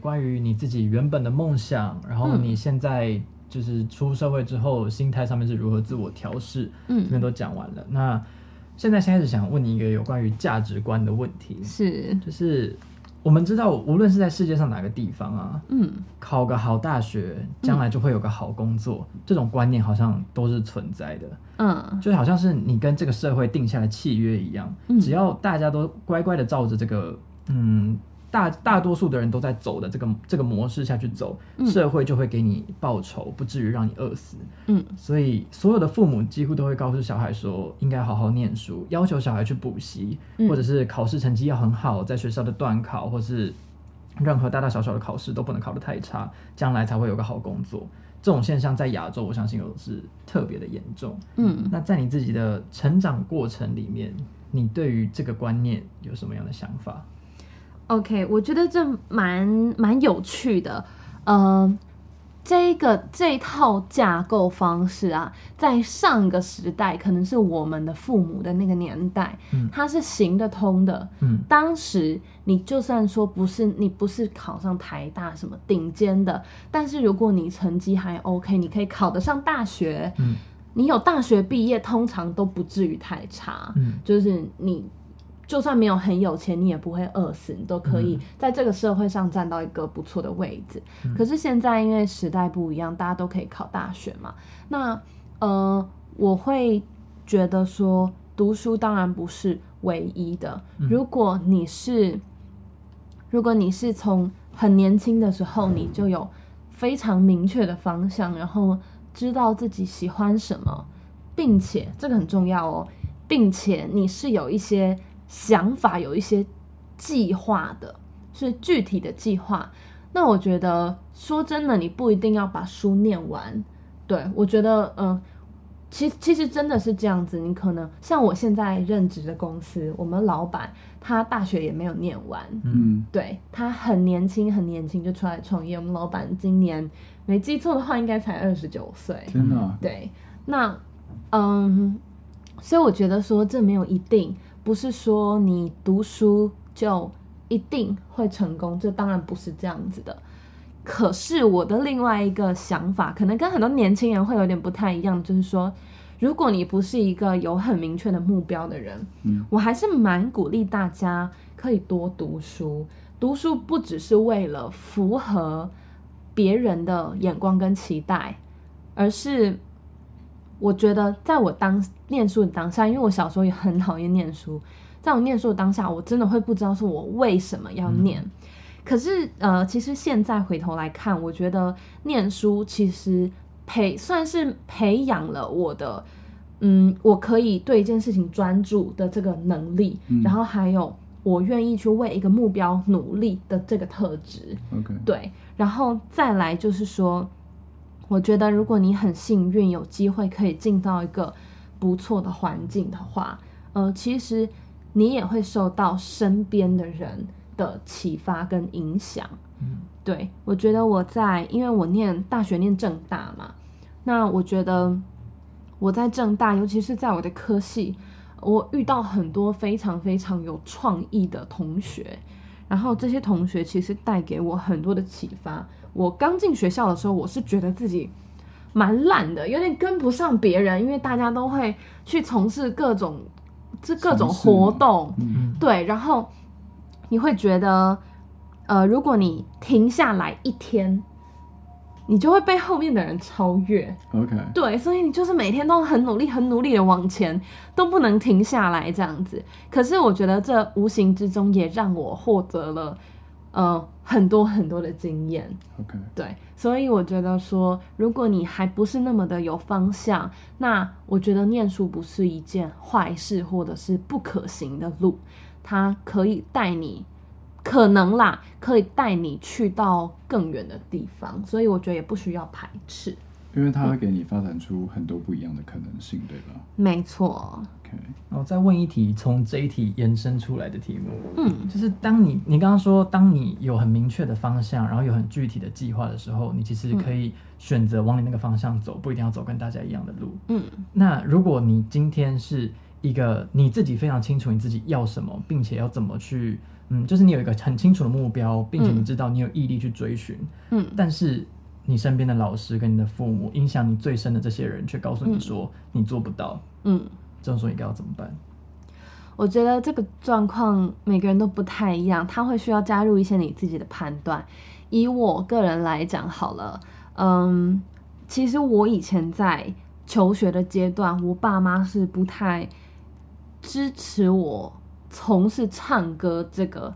關於你自己原本的夢想，然後你現在就是出社會之後、嗯、心態上面是如何自我調適，嗯，這邊都講完了。那現在先開始想問你一個有關於價值觀的問題，是，就是我們知道，無論是在世界上哪個地方啊，嗯，考個好大學，將來就會有個好工作、嗯，這種觀念好像都是存在的，嗯，就好像是你跟這個社會定下的契約一樣，嗯，只要大家都乖乖的照着這個，嗯。大大多數的人都在走的這個這個模式下去走，社會就會給你報酬，不至於讓你餓死。嗯，所以所有的父母幾乎都會告訴小孩說，應該好好念書，要求小孩去補習，或者是考試成績要很好，在學校的段考或是任何大大小小的考試都不能考得太差，將來才會有個好工作。這種現象在亞洲，我相信又是特別的嚴重。嗯，那在你自己的成長過程裡面，你對於這個觀念有什麼樣的想法？OK，我覺得這蠻蠻有趣的，嗯、呃，這一個這一套架構方式啊，在上個時代，可能是我們的父母的那個年代，嗯、它是行得通的。嗯，當時你就算說不是你不是考上台大什麼頂尖的，但是如果你成績還 OK，你可以考得上大學，嗯，你有大學畢業，通常都不至於太差，嗯，就是你。就算沒有很有錢，你也不會餓死，你都可以在這個社會上站到一個不錯的位置。嗯。可是現在因為時代不一樣，大家都可以考大學嘛。那呃，我會覺得說，讀書當然不是唯一的。嗯。如果你是，如果你是從很年輕的時候，嗯，你就有非常明確的方向，然後知道自己喜歡什麼，並且這個很重要哦，並且你是有一些。想法有一些計劃的，是具體的計劃。那我覺得說真的，你不一定要把書念完。對我覺得，嗯，其實其實真的是這樣子。你可能像我現在任職的公司，我們老板他大學也沒有念完，嗯，對他很年輕，很年輕就出來創業。我們老板今年沒記錯的話，應該才二十九歲。真的，嗯，對，那嗯，所以我覺得說這沒有一定。不是說你讀書就一定會成功，這當然不是這樣子的。可是我的另外一個想法，可能跟很多年輕人會有點不太一樣，就是說，如果你不是一個有很明確的目標的人，嗯。我還是蠻鼓勵大家可以多讀書。讀書不只是為了符合別人的眼光跟期待，而是。我覺得，在我當念書的當下，因為我小時候也很討厭念書，在我念書的當下，我真的會不知道是我為什麼要念。嗯、可是，呃，其實現在回頭來看，我覺得念書其實培算是培養了我的，嗯，我可以對一件事情專注的這個能力，嗯、然後還有我願意去為一個目標努力的這個特質。OK，、嗯、對，然後再來就是說。我覺得，如果你很幸運，有機會可以進到一個不錯的環境的話，呃，其實你也會受到身邊的人的啟發跟影響。嗯，對，我覺得我在，因為我念大學念政大嘛，那我覺得我在政大，尤其是在我的科系，我遇到很多非常非常有創意的同學，然後這些同學其實帶給我很多的啟發。我剛進學校的時候，我是覺得自己蠻懶的，有點跟不上別人，因為大家都會去從事各種各種活動，嗯，對，然後你會覺得，呃，如果你停下來一天，你就會被後面的人超越。Okay. 對，所以你就是每天都很努力，很努力的往前，都不能停下來這樣子。可是我覺得這無形之中也讓我獲得了，嗯、呃。很多很多的經驗，OK，對，所以我覺得說，如果你還不是那麼的有方向，那我覺得念書不是一件壞事，或者是不可行的路，它可以帶你，可能啦，可以帶你去到更遠的地方，所以我覺得也不需要排斥，因為它會給你發展出很多不一樣的可能性，嗯、對吧？沒錯。然後再問一題，從這一題延伸出來的題目，嗯，就是當你你剛剛說，當你有很明確的方向，然後有很具體的計劃的時候，你其實可以選擇往你那個方向走，不一定要走跟大家一樣的路，嗯。那如果你今天是一個你自己非常清楚你自己要什麼，並且要怎麼去，嗯，就是你有一個很清楚的目標，並且你知道你有毅力去追尋，嗯。但是你身邊的老師跟你的父母，影響你最深的這些人，卻告訴你說，嗯，你做不到，嗯。這樣說，你該要怎麼辦？我覺得這個狀況每個人都不太一樣，他會需要加入一些你自己的判斷。以我個人來講好了，嗯，其實我以前在求學的階段，我爸媽是不太支持我從事唱歌這個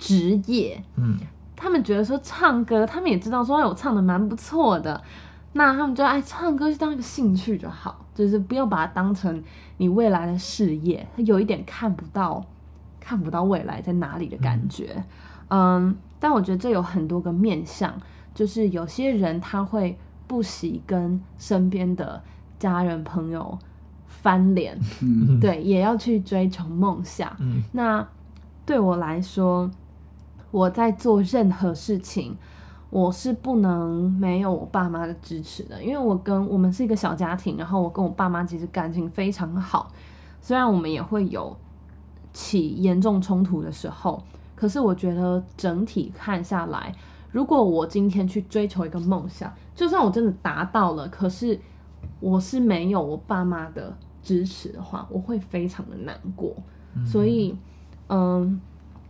職業。嗯，他們覺得說唱歌，他們也知道說，哎喲，我唱得蠻不錯的。那他們就愛唱歌，就當一個興趣就好，就是不要把它當成你未來的事業。他有一點看不到、看不到未來在哪裡的感覺，嗯。嗯，但我覺得這有很多個面向，就是有些人他會不惜跟身邊的家人朋友翻臉、嗯，對，也要去追求夢想、嗯。那對我來說，我在做任何事情。我是不能沒有我爸媽的支持的，因為我跟我們是一個小家庭，然後我跟我爸媽其實感情非常好，雖然我們也會有起嚴重衝突的時候，可是我覺得整體看下來，如果我今天去追求一個夢想，就算我真的達到了，可是我是沒有我爸媽的支持的話，我會非常的難過。嗯、所以，嗯，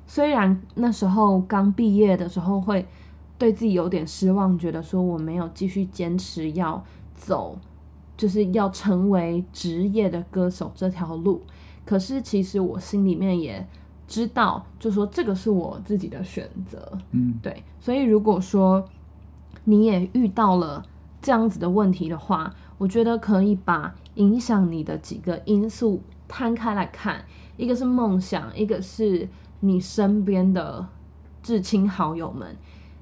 雖然那時候剛畢業的時候會。對自己有點失望，覺得說我沒有繼續堅持要走，就是要成為職業的歌手這條路。可是其實我心裡面也知道，就說這個是我自己的選擇。嗯，對。所以如果說你也遇到了這樣子的問題的話，我覺得可以把影響你的幾個因素攤開來看，一個是夢想，一個是你身邊的至親好友們。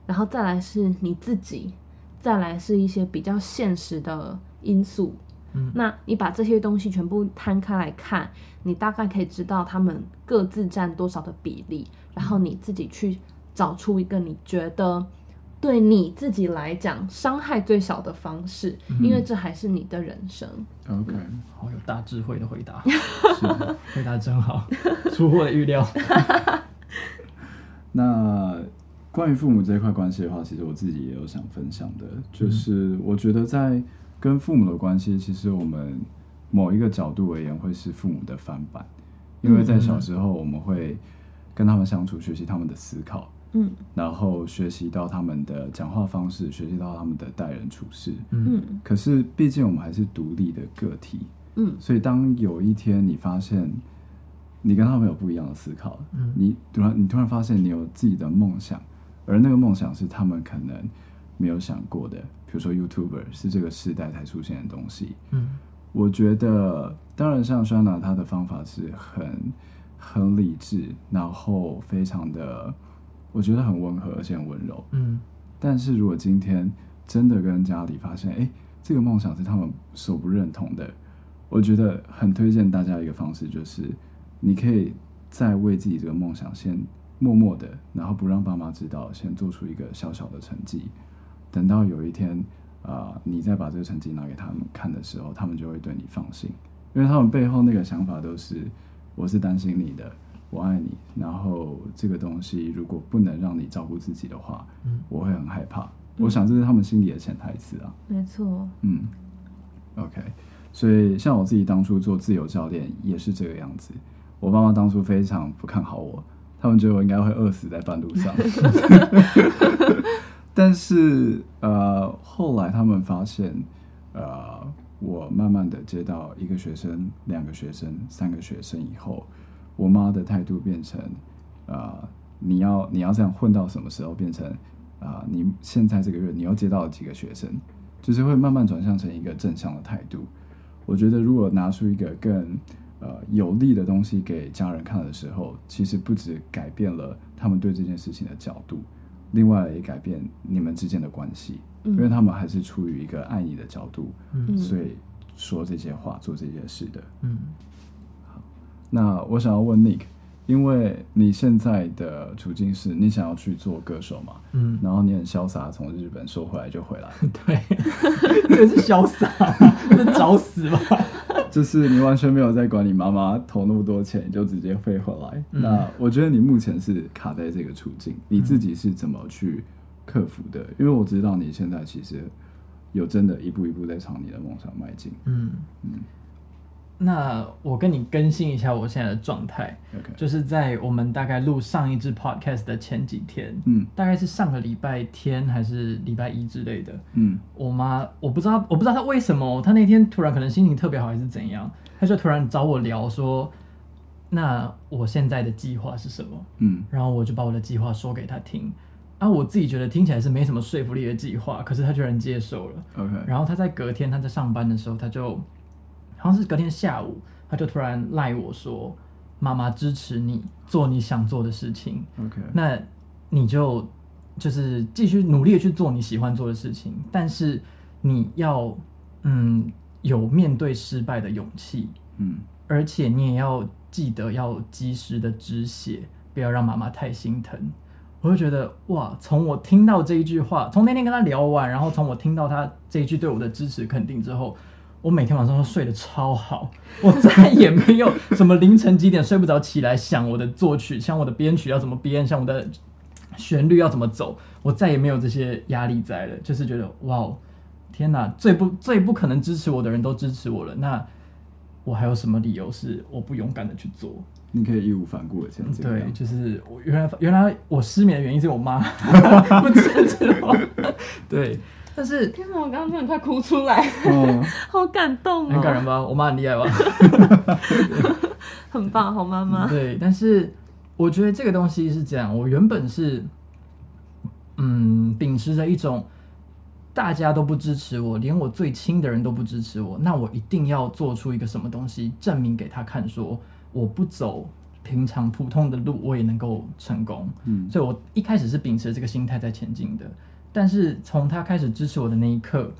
然後再來是你自己，再來是一些比較現實的因素，嗯。那你把這些東西全部攤開來看，你大概可以知道他們各自佔多少的比例，嗯、然後你自己去找出一個你覺得對你自己來講傷害最小的方式，嗯、因為這還是你的人生。OK，、嗯、好有大智慧的回答， 是回答真好， 出乎我的預料。 那。關於父母這一塊關係的話，其實我自己也有想分享的，就是我覺得在跟父母的關係，其實我們某一個角度而言，會是父母的翻版，因為在小時候我們會跟他們相處，學習他們的思考，嗯，然後學習到他們的講話方式，學習到他們的待人處事，嗯，可是畢竟我們還是獨立的個體，嗯，所以當有一天你發現你跟他們有不一樣的思考，嗯，你突然你突然發現你有自己的夢想。而那個夢想是他們可能沒有想過的，比如說 YouTuber 是這個時代才出現的東西。嗯，我覺得當然像 Shannon，他的方法是很很理智，然後非常的我覺得很溫和而且很溫柔。嗯，但是如果今天真的跟家裡發現，誒、欸，這個夢想是他們所不認同的，我覺得很推薦大家一個方式，就是你可以再為自己這個夢想先。默默的，然後不讓爸媽知道，先做出一個小小的成績。等到有一天啊、呃，你再把這個成績拿給他們看的時候，他們就會對你放心。因為他們背後那個想法都是：我是擔心你的，我愛你。然後這個東西如果不能讓你照顧自己的話，嗯，我會很害怕。嗯、我想這是他們心裡的潛台詞啊。沒錯。嗯。OK，所以像我自己當初做自由教練也是這個樣子。我爸媽當初非常不看好我。他們覺得我應該會餓死在半路上， 但是呃，後來他們發現，呃，我慢慢的接到一個學生、兩個學生、三個學生以後，我媽的態度變成，呃、你要你要這樣混到什麼時候？變成啊、呃，你現在這個月你要接到幾個學生？就是會慢慢轉向成一個正向的態度。我覺得如果拿出一個更，呃，有利的東西給家人看的時候，其實不止改變了他們對這件事情的角度，另外也改變你們之間的關係、嗯，因為他們還是處於一個愛你的角度、嗯，所以說這些話、做這些事的。嗯，好，那我想要問 Nick，因為你現在的處境是你想要去做歌手嘛？嗯，然後你很瀟灑，從日本說回來就回來。對，那是瀟灑，是找死吧！ 就是你完全沒有在管你媽媽投那麼多錢，就直接飛回來。嗯。那我覺得你目前是卡在這個處境，你自己是怎麼去克服的？嗯。因為我知道你現在其實有真的一步一步在朝你的夢想邁進。嗯嗯。那我跟你更新一下我現在的狀態，Okay. 就是在我們大概錄上一支 podcast 的前幾天，嗯，大概是上個禮拜天還是禮拜一之類的，嗯，我媽我不知道我不知道她為什麼，她那天突然可能心情特別好還是怎樣，她就突然找我聊說，那我現在的計劃是什麼？嗯，然後我就把我的計劃說給她聽，啊，我自己覺得聽起來是沒什麼說服力的計劃，可是她居然接受了，OK，然後她在隔天她在上班的時候，她就。好像是隔天下午，他就突然賴我說：“媽媽支持你做你想做的事情，Okay. 那你就就是繼續努力去做你喜歡做的事情，但是你要嗯有面對失敗的勇氣，嗯，而且你也要記得要及時的止血，不要讓媽媽太心疼。”我就覺得哇，從我聽到這一句話，從那天跟他聊完，然後從我聽到他這一句對我的支持肯定之後。我每天晚上都睡得超好，我再也沒有什麼凌晨幾點睡不着起來想我的作曲，像我的編曲要怎麼編，像我的旋律要怎麼走，我再也沒有這些壓力在了。就是覺得哇哦，天哪，最不最不可能支持我的人都支持我了，那我還有什麼理由是我不勇敢的去做？你可以義無反顧的這樣子。對，就是我原來原來我失眠的原因是我媽，不支持我 對。但是天哪！我剛剛說你快哭出來，哦、 好感動，哦，很感人吧？我媽很厲害吧？ 很棒，好媽媽。對，但是我覺得這個東西是這樣，我原本是，嗯，秉持着一種大家都不支持我，連我最親的人都不支持我，那我一定要做出一個什麼東西證明給他看說，說我不走平常普通的路，我也能夠成功，嗯。所以我一開始是秉持這個心態在前進的。但是從他開始支持我的那一刻，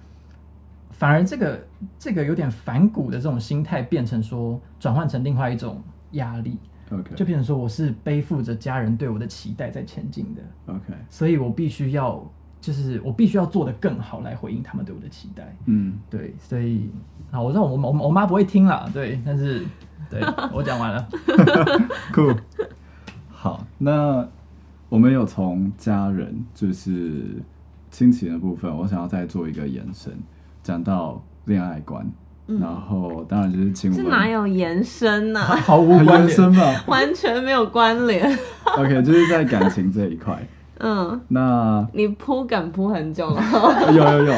反而這個這個有點反骨的這種心態，變成說轉換成另外一種壓力。OK，就變成說我是背負着家人對我的期待在前進的。OK，所以我必須要就是我必須要做得更好，來回應他們對我的期待。嗯，對。所以啊，我知道我我我媽不會聽啦，對，但是對 我講完了 ，Cool。 好，那我們有從家人就是。親情的部分，我想要再做一個延伸，講到戀愛觀，嗯，然後當然就是情是哪有延伸呢？啊啊，毫無延伸嘛， 完全沒有關聯。 OK，就是在感情這一塊，嗯，那你鋪梗鋪很久了， 有有有，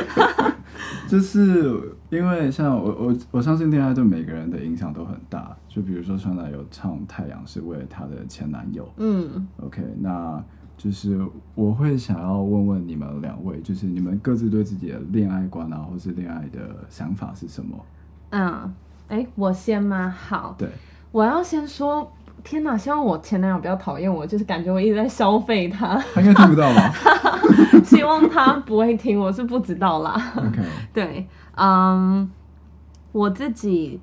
就是因為像我我我相信戀愛對每個人的影響都很大，就比如說張娜有唱太陽是為了她的前男友，嗯，OK，那。就是我會想要問問你們兩位，就是你們各自對自己的戀愛觀啊，或是戀愛的想法是什麼？嗯，哎、欸，我先嗎？好，對，我要先說。天哪、啊，希望我前男友不要討厭我，就是感覺我一直在消費他。他應該聽不到吧？ 希望他不會聽，我是不知道啦。 OK，對，嗯，我自己。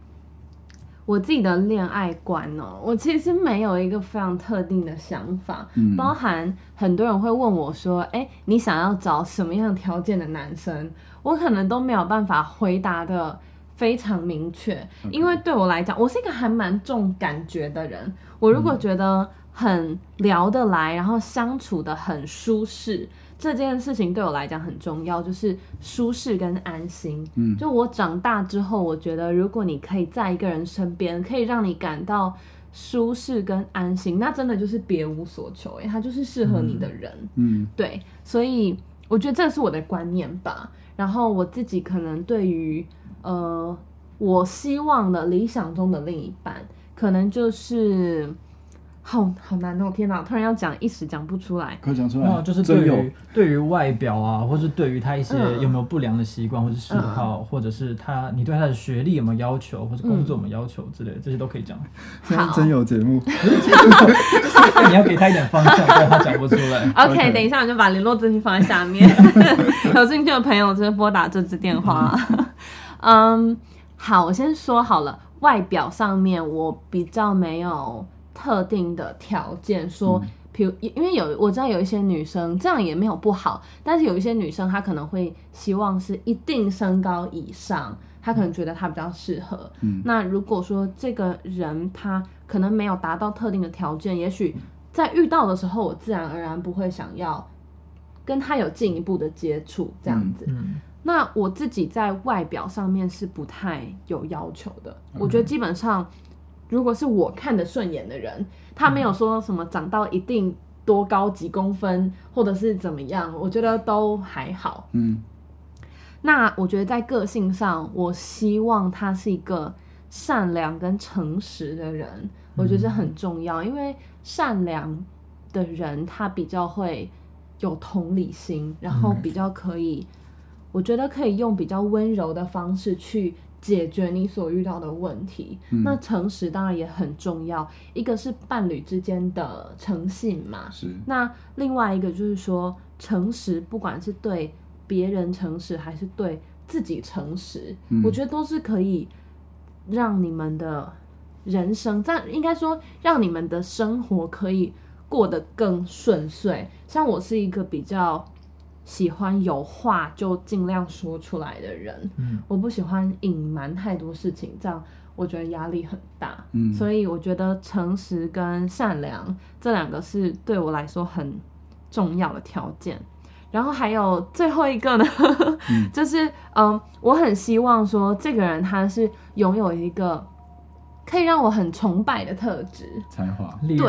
我自己的戀愛觀哦、喔，我其實沒有一個非常特定的想法，嗯、包含很多人會問我說：“哎、欸，你想要找什麼樣條件的男生？”我可能都沒有辦法回答得非常明確，Okay. 因為對我來講，我是一個還蠻重感覺的人。我如果覺得很聊得來，然後相處得很舒適。這件事情對我來講很重要，就是舒適跟安心。嗯，就我長大之後，我覺得如果你可以在一個人身邊，可以讓你感到舒適跟安心，那真的就是別無所求。誒，他就是適合你的人。嗯，嗯，對，所以我覺得這是我的觀念吧。然後我自己可能對於呃，我希望的理想中的另一半，可能就是。好好難哦！天哪，突然要講一時講不出來，可以講出來，就是對於對於外表啊，或是對於他一些有沒有不良的習慣，或是嗜好，或者是他你對他的學歷有沒有要求，或是工作有沒有要求之類的，嗯、這些都可以講。真有節目， 你要給他一點方向， 不然他講不出來。OK，, okay. 等一下我就把聯絡資訊放在下面， 有興趣的朋友直接撥打這支電話，啊。嗯、 um,，好，我先說好了，外表上面我比較沒有特定的條件，說，譬如因為有我知道有一些女生這樣也沒有不好，但是有一些女生她可能會希望是一定身高以上，她可能覺得她比較適合。嗯，那如果說這個人他可能沒有達到特定的條件，也許在遇到的時候，我自然而然不會想要跟他有進一步的接觸，這樣子，嗯嗯。那我自己在外表上面是不太有要求的，我覺得基本上，嗯如果是我看得順眼的人，他沒有說什麼長到一定多高幾公分，嗯，或者是怎麼樣，我覺得都還好。嗯，那我覺得在個性上，我希望他是一個善良跟誠實的人，我覺得很重要，嗯、因為善良的人他比較會有同理心，然後比較可以，嗯、我覺得可以用比較溫柔的方式去。解決你所遇到的問題，嗯、那誠實當然也很重要。一個是伴侶之間的誠信嘛，是，那另外一個就是說誠實，不管是對別人誠實還是對自己誠實，嗯，我覺得都是可以讓你們的人生，但應該說讓你們的生活可以過得更順遂。像我是一個比較。喜歡有話就盡量說出來的人、嗯，我不喜歡隱瞞太多事情，這樣我覺得壓力很大。嗯、所以我覺得誠實跟善良這兩個是對我來說很重要的條件。然後還有最後一個呢，嗯、 就是嗯，我很希望說這個人他是擁有一個可以讓我很崇拜的特質、才華，對，例如，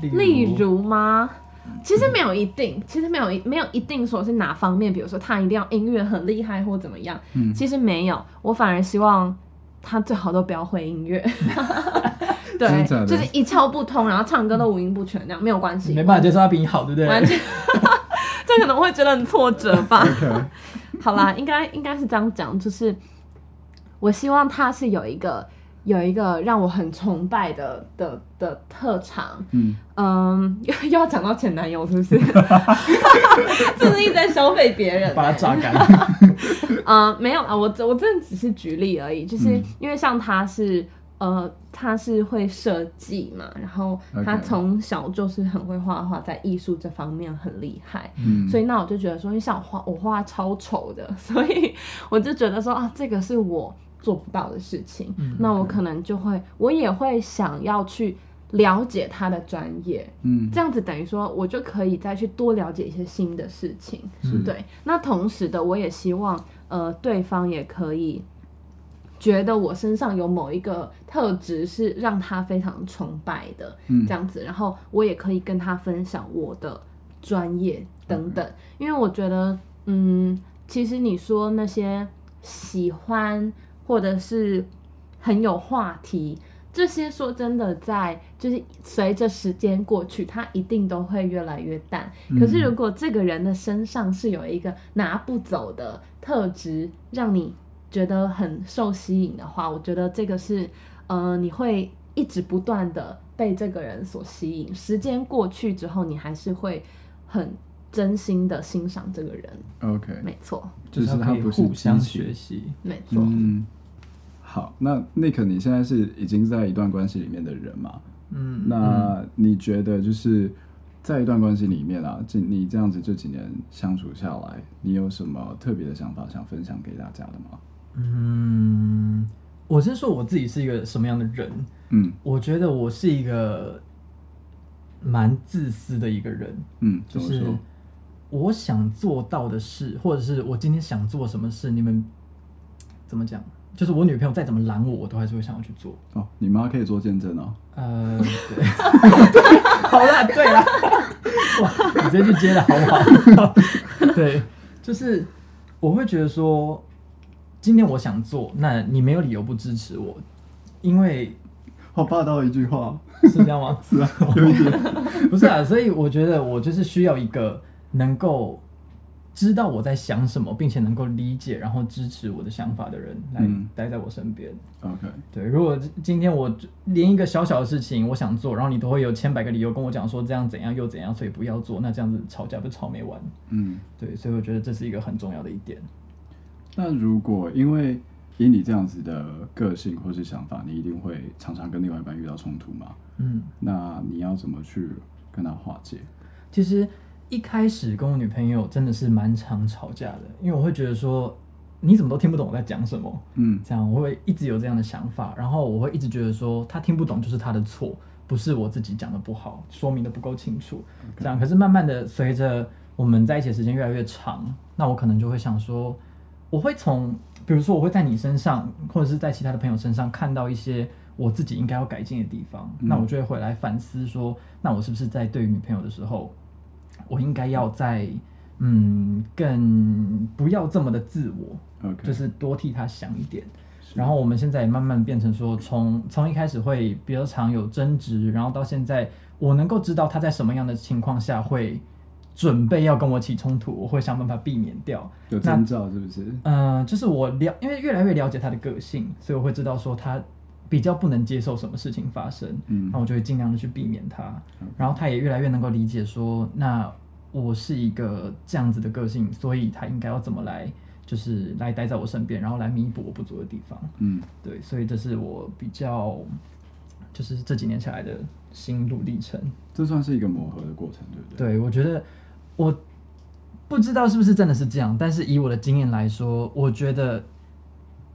例如，例如嗎？其實沒有一定，嗯、其實沒有一沒有一定說是哪方面，比如說他一定要音樂很厲害或怎麼樣、嗯，其實沒有，我反而希望他最好都不要會音樂， 對，就是一竅不通，然後唱歌都五音不全那樣，沒有關係，沒辦法接受他比你好，對不對？完全， 這可能會覺得很挫折吧。 好啦，應該應該是這樣講，就是我希望他是有一個。有一個讓我很崇拜的的的，的特長，嗯嗯，又，又要講到前男友是不是？就 是一直在消費別人，把他榨乾了啊，沒有啊，我我這只是舉例而已，就是因為像他是呃，他是會設計嘛，然後他從小就是很會畫畫，在藝術這方面很厲害，嗯，所以那我就覺得說，像我畫我畫超醜的，所以我就覺得說啊，這個是我。做不到的事情，嗯，那我可能就會，我也會想要去了解他的專業，嗯，這樣子等於說，我就可以再去多了解一些新的事情，嗯，對。那同時的，我也希望，呃，對方也可以覺得我身上有某一個特質是讓他非常崇拜的，嗯，這樣子，然後我也可以跟他分享我的專業等等，嗯，因為我覺得，嗯，其實你說那些喜歡。或者是很有話題，這些說真的在，在就是隨着時間過去，它一定都會越來越淡。嗯。可是如果這個人的身上是有一個拿不走的特質，讓你覺得很受吸引的話，我覺得這個是，呃，你會一直不斷的被這個人所吸引。時間過去之後，你還是會很真心的欣賞這個人。OK，沒錯，就是他們互相學習，沒錯，嗯。嗯好，那 Nick，你現在是已經在一段關係裡面的人嗎？嗯，那你覺得就是在一段關係裡面啊，你這樣子這幾年相處下來，你有什麼特別的想法想分享給大家的嗎？嗯，我先說我自己是一個什麼樣的人。嗯，我覺得我是一個蠻自私的一個人。嗯，就是我想做到的事，或者是我今天想做什麼事，你們怎麼講？就是我女朋友再怎麼攔我，我都還是會想要去做。哦，你媽可以做見證哦、啊。呃，對，好 對啦， 啦，對啦，哇，你直接去接了好不好？ 對，就是我會覺得說，今天我想做，那你沒有理由不支持我，因為好霸道一句話是這樣嗎？ 是啊，有點， 不是啊，所以我覺得我就是需要一個能夠。知道我在想什麼，並且能夠理解，然後支持我的想法的人來待在我身邊。OK，嗯，對。如果今天我連一個小小的事情我想做，然後你都會有千百個理由跟我講說這樣怎樣又怎樣，所以不要做，那這樣子吵架不吵沒完。嗯，對。所以我覺得這是一個很重要的一點。那如果因為以你這樣子的個性或是想法，你一定會常常跟另外一半遇到衝突嗎？嗯。那你要怎麼去跟他化解？其實。一開始跟我女朋友真的是蠻常吵架的，因為我會覺得說你怎麼都聽不懂我在講什麼，嗯，這樣我會一直有這樣的想法，然後我會一直覺得說她聽不懂就是她的錯，不是我自己講的不好，說明的不夠清楚，Okay. 這樣。可是慢慢的隨着我們在一起的時間越來越長，那我可能就會想說，我會從比如說我會在你身上，或者是在其他的朋友身上看到一些我自己應該要改進的地方，嗯，那我就會回來反思說，那我是不是在對女朋友的時候。我應該要再嗯，更不要這麼的自我，Okay. 就是多替他想一點。然後我們現在也慢慢變成說從，從從一開始會比較常有爭執，然後到現在我能夠知道他在什麼樣的情況下會準備要跟我起衝突，我會想辦法避免掉。有徵兆是不是？嗯、呃，就是我了，因為越來越了解他的個性，所以我會知道說他比較不能接受什麼事情發生，嗯，那我就會盡量的去避免他。Okay. 然後他也越來越能夠理解說，那。我是一個這樣子的個性，所以他應該要怎麼來，就是來待在我身邊，然後來彌補我不足的地方。嗯，對，所以這是我比較，就是這幾年下來的心路歷程。這算是一個磨合的過程，對不對？對，我覺得我不知道是不是真的是這樣，但是以我的經驗來說，我覺得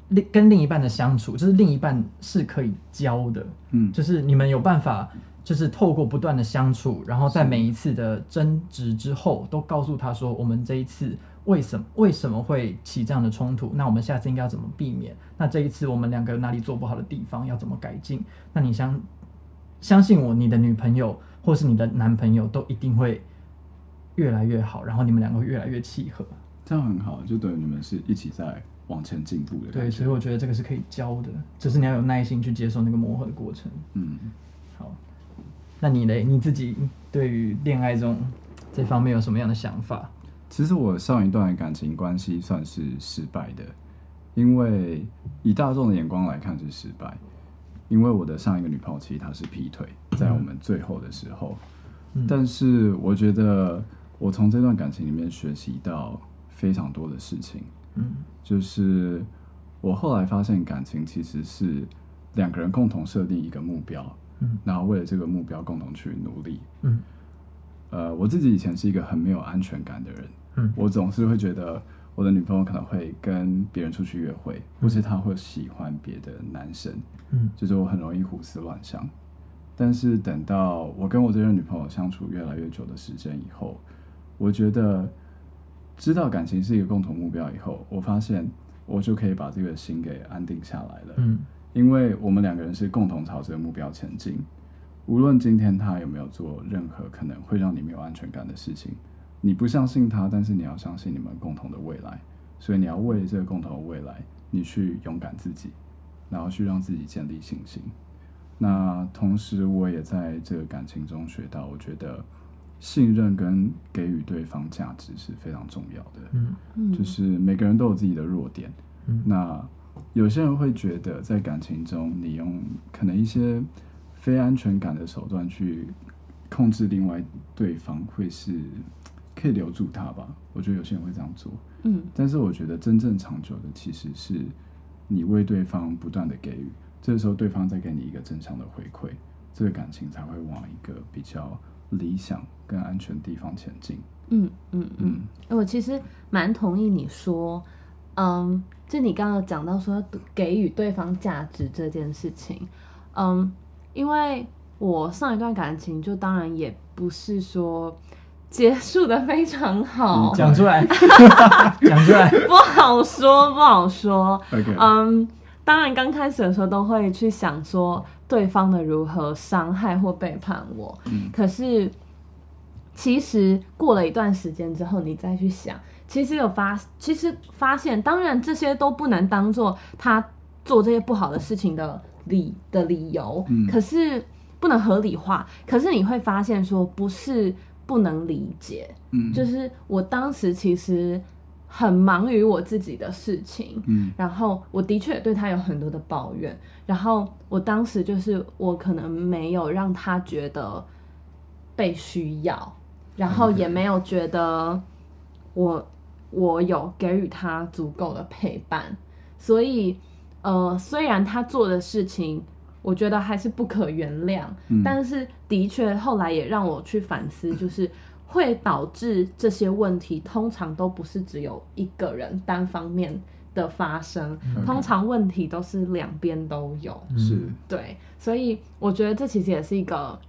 另跟另一半的相處，就是另一半是可以教的，嗯，就是你們有辦法。就是透過不斷的相處，然後在每一次的爭執之後，都告訴他說：“我們這一次為什麼為什麼會起這樣的衝突？那我們下次應該要怎麼避免？那這一次我們兩個有哪裡做不好的地方要怎麼改進？”那你相相信我，你的女朋友或是你的男朋友都一定會越來越好，然後你們兩個會越來越契合。這樣很好，就等於你們是一起在往前進步的。對，所以我覺得這個是可以教的，只是你要有耐心去接受那個磨合的過程。嗯，好。那你嘞？你自己對於戀愛中這方面有什麼樣的想法？其實我上一段感情關係算是失敗的，因為以大眾的眼光來看是失敗，因為我的上一個女朋友，其實她是劈腿，在我們最後的時候，嗯。但是我覺得我從這段感情裡面學習到非常多的事情。嗯，就是我後來發現，感情其實是兩個人共同設定一個目標。然後為了這個目標共同去努力。嗯，呃，我自己以前是一個很沒有安全感的人。嗯，我總是會覺得我的女朋友可能會跟別人出去約會，嗯、或是她會喜歡別的男生。嗯，就是我很容易胡思亂想。但是等到我跟我這個女朋友相處越來越久的時間以後，我覺得知道感情是一個共同目標以後，我發現我就可以把這個心給安定下來了。嗯因為我們兩個人是共同朝著目標前進，無論今天他有沒有做任何可能會讓你沒有安全感的事情，你不相信他，但是你要相信你們共同的未來。所以你要為這個共同的未來，你去勇敢自己，然後去讓自己建立信心。那同時，我也在這個感情中學到，我覺得信任跟給予對方價值是非常重要的。嗯，就是每個人都有自己的弱點。嗯，那。有些人會覺得，在感情中，你用可能一些非安全感的手段去控制另外對方，會是可以留住他吧？我覺得有些人會這樣做。嗯，但是我覺得真正長久的，其實是你為對方不斷的給予，這個時候對方再給你一個正向的回饋，這個感情才會往一個比較理想、更安全的地方前進。嗯嗯嗯，嗯，我其實蠻同意你說。嗯、um,，就你剛剛講到說給予對方價值這件事情，嗯、um,，因為我上一段感情就當然也不是說結束得非常好、嗯，講出來， 講出來，不好說不好說。嗯，okay. um, 當然剛開始的時候都會去想說對方的如何傷害或背叛我，嗯、可是其實過了一段時間之後，你再去想。其實有發，其實發現，當然這些都不能當做他做這些不好的事情的理的理由，嗯，可是不能合理化。可是你會發現，說不是不能理解，嗯，就是我當時其實很忙於我自己的事情，嗯，然後我的確對他有很多的抱怨，然後我當時就是我可能沒有讓他覺得被需要，然後也沒有覺得我。我有給予他足夠的陪伴，所以，呃，雖然他做的事情，我覺得還是不可原諒，嗯，但是的確後來也讓我去反思，就是會導致這些問題，通常都不是只有一個人單方面的發生，嗯，通常問題都是兩邊都有，嗯，是對，所以我覺得這其實也是一個。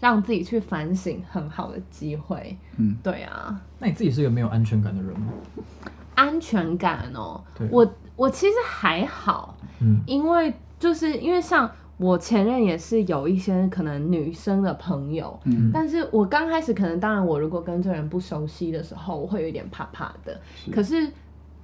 讓自己去反省，很好的機會。嗯，對啊。那你自己是個沒有安全感的人嗎、啊？安全感哦、喔，我我其實還好，嗯，因為就是因為像我前任也是有一些可能女生的朋友，嗯，但是我剛開始可能，當然我如果跟這人不熟悉的時候，我會有點怕怕的。是可是。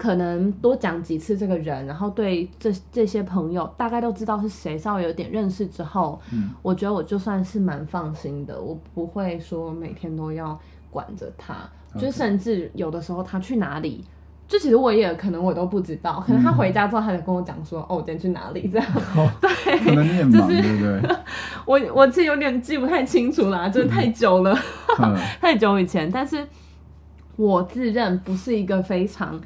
可能多講幾次這個人，然後對這這些朋友大概都知道是誰，稍微有點認識之後，嗯、我覺得我就算是蠻放心的，我不會說每天都要管着他，Okay. 就甚至有的時候他去哪裡，就其實我也可能我都不知道，可能他回家之後他就跟我講說、嗯，哦，我今天去哪裡這樣，哦、 對可能，就是對不對？ 我我其實有點記不太清楚啦、啊，就是太久了，嗯、 太久以前，但是我自認不是一個非常。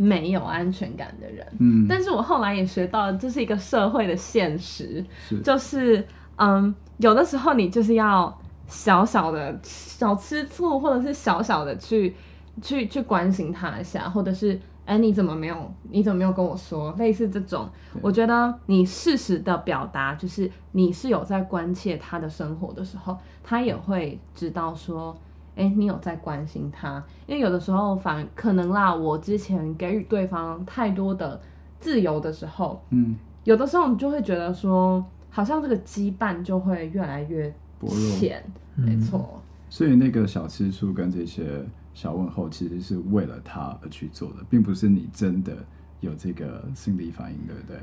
沒有安全感的人，嗯，但是我後來也學到了，這是一個社會的現實，就是，嗯，有的時候你就是要小小的少吃醋，或者是小小的去去去關心他一下，或者是哎你怎麼沒有你怎麼沒有跟我說，類似這種，我覺得你適時的表達，就是你是有在關切他的生活的時候，他也會知道說，哎、欸，你有在關心他？因為有的時候反可能啦，我之前給予對方太多的自由的時候，嗯，有的時候你就會覺得說，好像這個羈絆就會越來越淺、嗯。沒錯，所以那個小吃醋跟這些小問候，其實是為了他而去做的，並不是你真的有這個心理反應，對不對？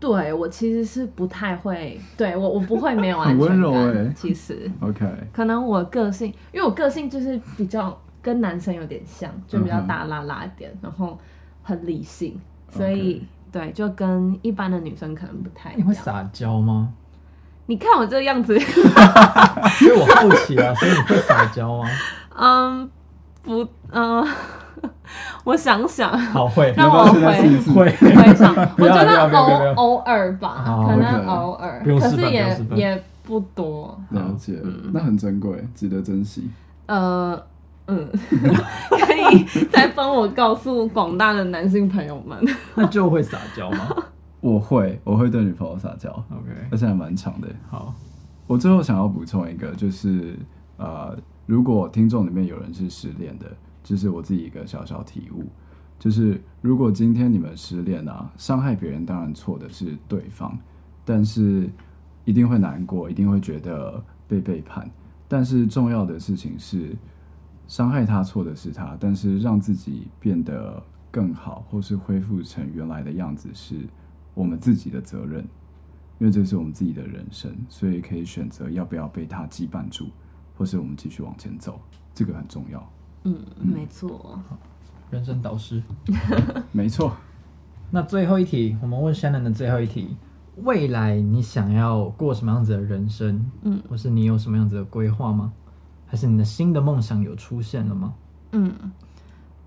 對我其實是不太會，對我我不會沒有安全感。溫 柔、欸、其實 OK，可能我個性，因為我個性就是比較跟男生有點像，就比較大啦啦一點、嗯，然後很理性，所以、OK. 對，就跟一般的女生可能不太、欸。你會撒嬌嗎？你看我這樣子 因為我好奇啊，所以你會撒嬌嗎？ 嗯，不，嗯、呃。 我想想，好會，那我會會會我覺得偶偶爾吧，可能偶爾，可是也不也不多。了解，嗯、那很珍貴，值得珍惜。呃嗯， 可以再幫我告訴廣大的男性朋友們， 那就會撒嬌嗎？ 我會，我會對女朋友撒嬌。OK，而且還蠻長的。好，我最後想要補充一個，就是呃，如果聽眾裡面有人是失戀的。這是我自己一個小小體悟，就是如果今天你們失戀了、啊，傷害別人當然錯的是對方，但是一定會難過，一定會覺得被背叛。但是重要的事情是，傷害他錯的是他，但是讓自己變得更好，或是恢復成原來的樣子，是我們自己的責任。因為這是我們自己的人生，所以可以選擇要不要被他羈絆住，或是我們繼續往前走，這個很重要。嗯，沒錯。好，人生導師，沒錯。那最後一題，我們問 Shannon 的最後一題：未來你想要過什麼樣子的人生？嗯，或是你有什麼樣子的規劃嗎？還是你的新的夢想有出現了嗎？嗯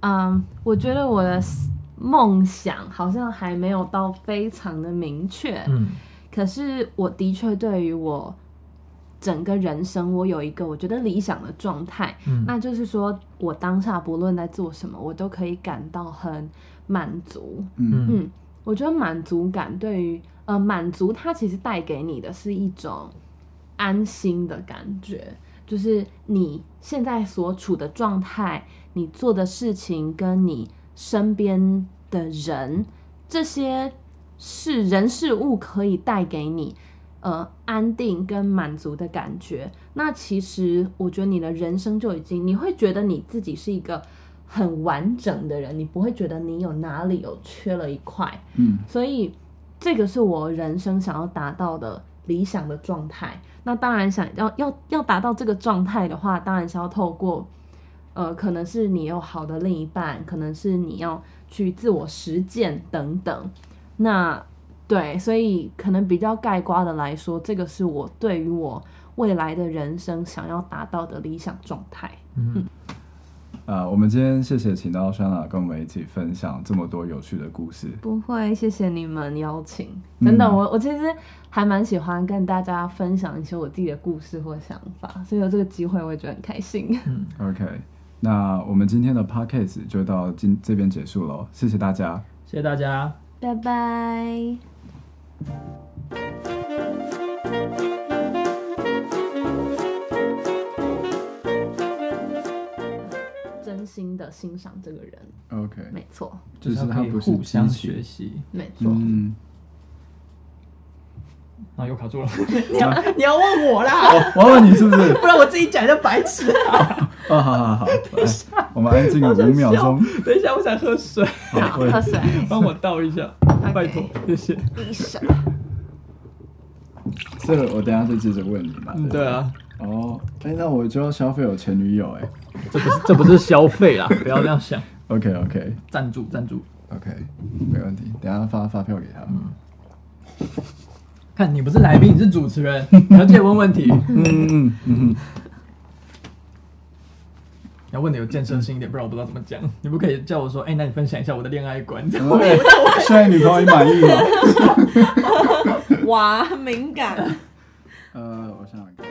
嗯，um, 我覺得我的夢想好像還沒有到非常的明確。嗯，可是我的確對於我。整個人生，我有一個我覺得理想的狀態。嗯，那就是說我當下不論在做什麼，我都可以感到很滿足。嗯嗯，我覺得滿足感對於呃滿足，它其實帶給你的是一種安心的感覺，就是你現在所處的狀態，你做的事情，跟你身邊的人，這些事，人事物可以帶給你。呃，安定跟滿足的感覺，那其實我覺得你的人生就已經，你會覺得你自己是一個很完整的人，你不會覺得你有哪裡有缺了一塊。嗯，所以這個是我人生想要達到的理想的狀態。那當然想要要要達到這個狀態的話，當然是要透過呃，可能是你有好的另一半，可能是你要去自我實踐等等。那。對，所以可能比較概括的來說，這個是我對於我未來的人生想要達到的理想狀態。嗯、啊、uh,，我們今天謝謝請到 Shannon 跟我們一起分享這麼多有趣的故事。不會，謝謝你們邀請。真的。嗯、我我其實還蠻喜歡跟大家分享一些我自己的故事或想法，所以有這個機會我也覺得很開心。嗯、o、okay. k 那我們今天的 Podcast 就到今這邊結束了，謝謝大家，謝謝大家，拜拜。真心的欣賞這個人，OK，沒錯，就是他可以互相學習，沒錯。嗯，啊，又卡住了， 你要你要問我啦， 哦、我要問你是不是？ 不然我自己講就白痴了、啊 哦哦。好好好， 等一下，我們安靜五秒鐘。等一下，我想喝水，想 喝水，幫 我倒一下。拜託，Okay. 謝謝。醫生，這個，我等下就接着問你嘛。嗯，對啊。哦、喔，哎、欸，那我就要消費我前女友哎、欸，這不是這不是消費啊 不要這樣想。OK OK，贊助贊助。OK，沒問題。等下發發票給他。看你不是來賓，你是主持人， 你要接問問題。嗯 嗯嗯。嗯嗯要問的有建設性一點，嗯嗯，不然我不知道怎麼講。你不可以叫我說，哎、欸，那你分享一下我的戀愛觀， 現在女朋友你滿意嗎？ 道 哇，很敏感。 呃，我想想。